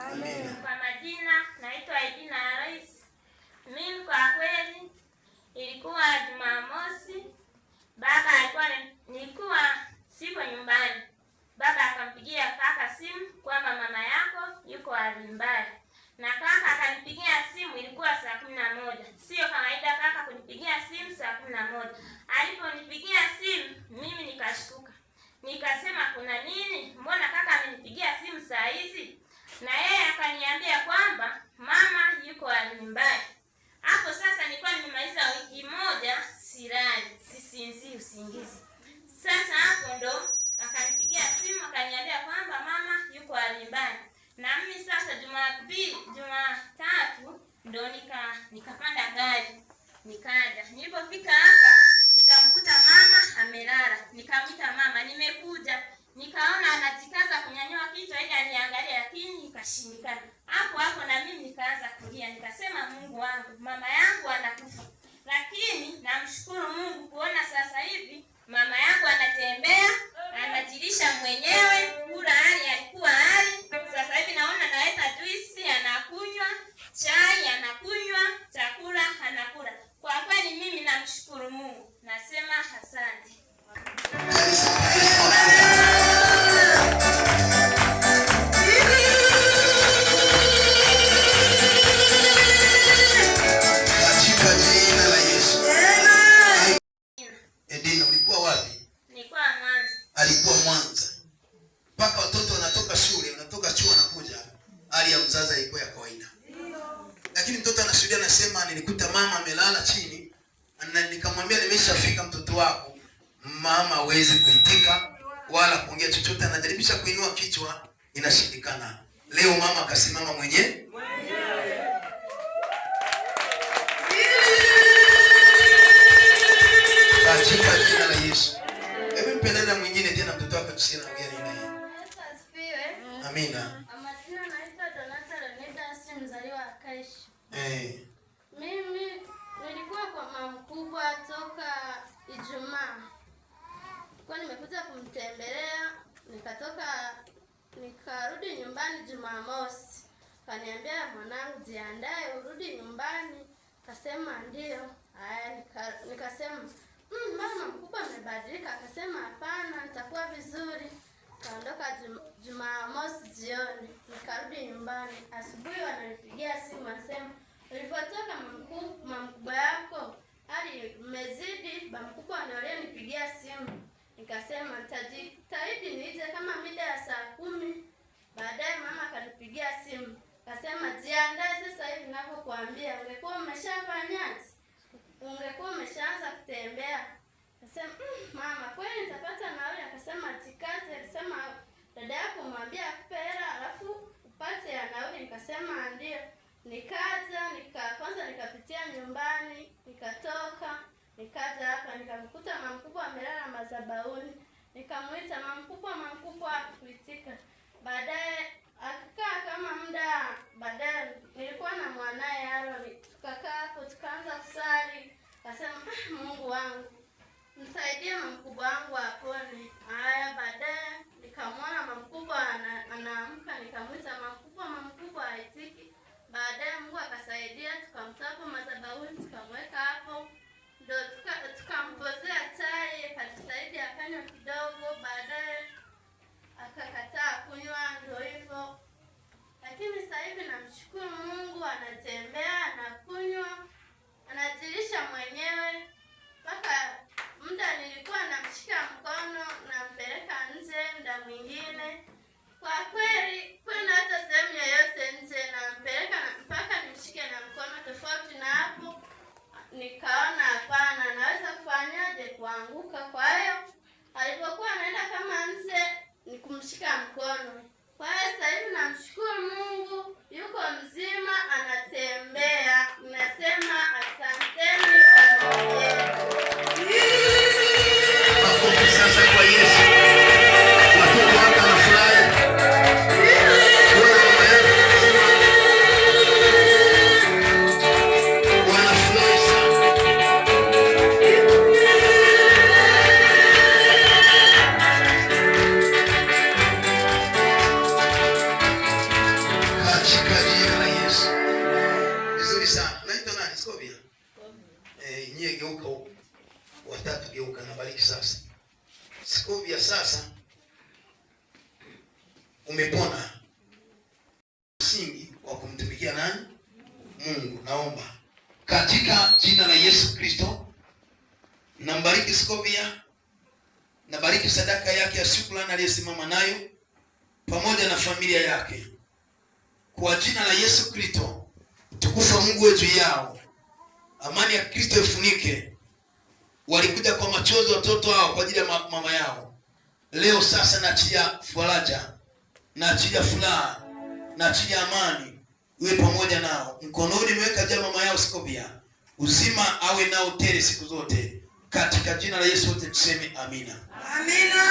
Amen. Kwa majina naitwa Idina Alois. Mimi kwa kweli ilikuwa Jumamosi, baba alikuwa nilikuwa sipo nyumbani. Baba akampigia kaka simu kwamba mama yako yuko Alimbali na kaka usinzi usingizi. Sasa hapo ndo akanipigia simu akaniambia kwamba mama yuko alimbani, na mimi sasa Jumapili Jumatatu ndo nika nikapanda gari nikaja. Nilipofika hapa nikamkuta mama amelala, nikamwita mama, nimekuja. Nikaona anajikaza kunyanyua kichwa ili aniangalie, lakini ikashindikana. Hapo hapo na mimi nikaanza kulia, nikasema Mungu wangu, mama yangu anakufa Anos por um, por na saída. ameshafika mtoto wako, mama hawezi kuitika wala kuongea chochote, anajaribisha kuinua kichwa, inashindikana. Leo mama akasimama mwenyewe katika jina la Yesu. Hebu mwingine tena, mtoto wako Amina. Amina, mama mkubwa toka Ijumaa, kwa nimekuja kumtembelea, nikatoka nikarudi nyumbani Jumamosi, kaniambia mwanangu, jiandae urudi nyumbani, kasema ndio. Haya, nikasema mm, mama mkubwa amebadilika. Akasema hapana, nitakuwa vizuri. Kaondoka Jumamosi jioni, nikarudi nyumbani. Asubuhi wananipigia simu, asema ulipotoka mamkubwa yako hadi mmezidi. Ba mkubwa nipigia simu, nikasema nitajitahidi niije kama mida ya saa kumi. Baadaye mama akanipigia simu kasema, jiandae sasa hivi ninavyokuambia, ungekuwa umeshafanya Ungekuwa umeshaanza kutembea. Kasema mmm, mama kweli nitapata nauli? Akasema tikaze, alisema dada yako mwambia akupe hela alafu upate ya nauli. Nikasema ndio. Nikaja nika kwanza nikapitia nyumbani Nikatoka nikaja hapa nikamkuta mama amelala mazabauni, nikamwita mama mkubwa, akuitika. Baadaye akikaa kama muda, baadaye nilikuwa na mwanaye Aaron, tukakaa hapo tukaanza kusali, akasema ah, Mungu wangu msaidie mama wangu apone. Haya, baadaye nikamwona mama anaamka, nikamwita mama mkubwa, aitiki. Baadaye Mungu akasaidia, tukamtapa hapo madhabahuni tukamweka ndio tukampozea chai akajitahidi akanywa kidogo, baadaye akakataa kunywa, ndio hivyo. Lakini sasa hivi namshukuru Mungu anatembea. kuanguka. Kwa hiyo alipokuwa anaenda kama nze, ni kumshika mkono. Kwa hiyo sasa hivi namshukuru Mungu, yuko mzima, anatembea. Nasema vijasukuu ya sasa umepona msingi wa kumtumikia nani? Mungu. Naomba katika jina la Yesu Kristo, nambariki Skovia, nabariki sadaka yake ya shukrani aliyesimama nayo pamoja na familia yake kwa jina la Yesu Kristo. tukufa Mungu juu yao, amani ya Kristo ifunike walikuja kwa machozi watoto hao kwa ajili ya mama yao. Leo sasa naachilia faraja, naachilia furaha, naachilia amani iwe pamoja nao. Mkononi nimeweka juu mama yao Sikobia, uzima awe nao tele siku zote, katika jina la Yesu wote tuseme amina, amina.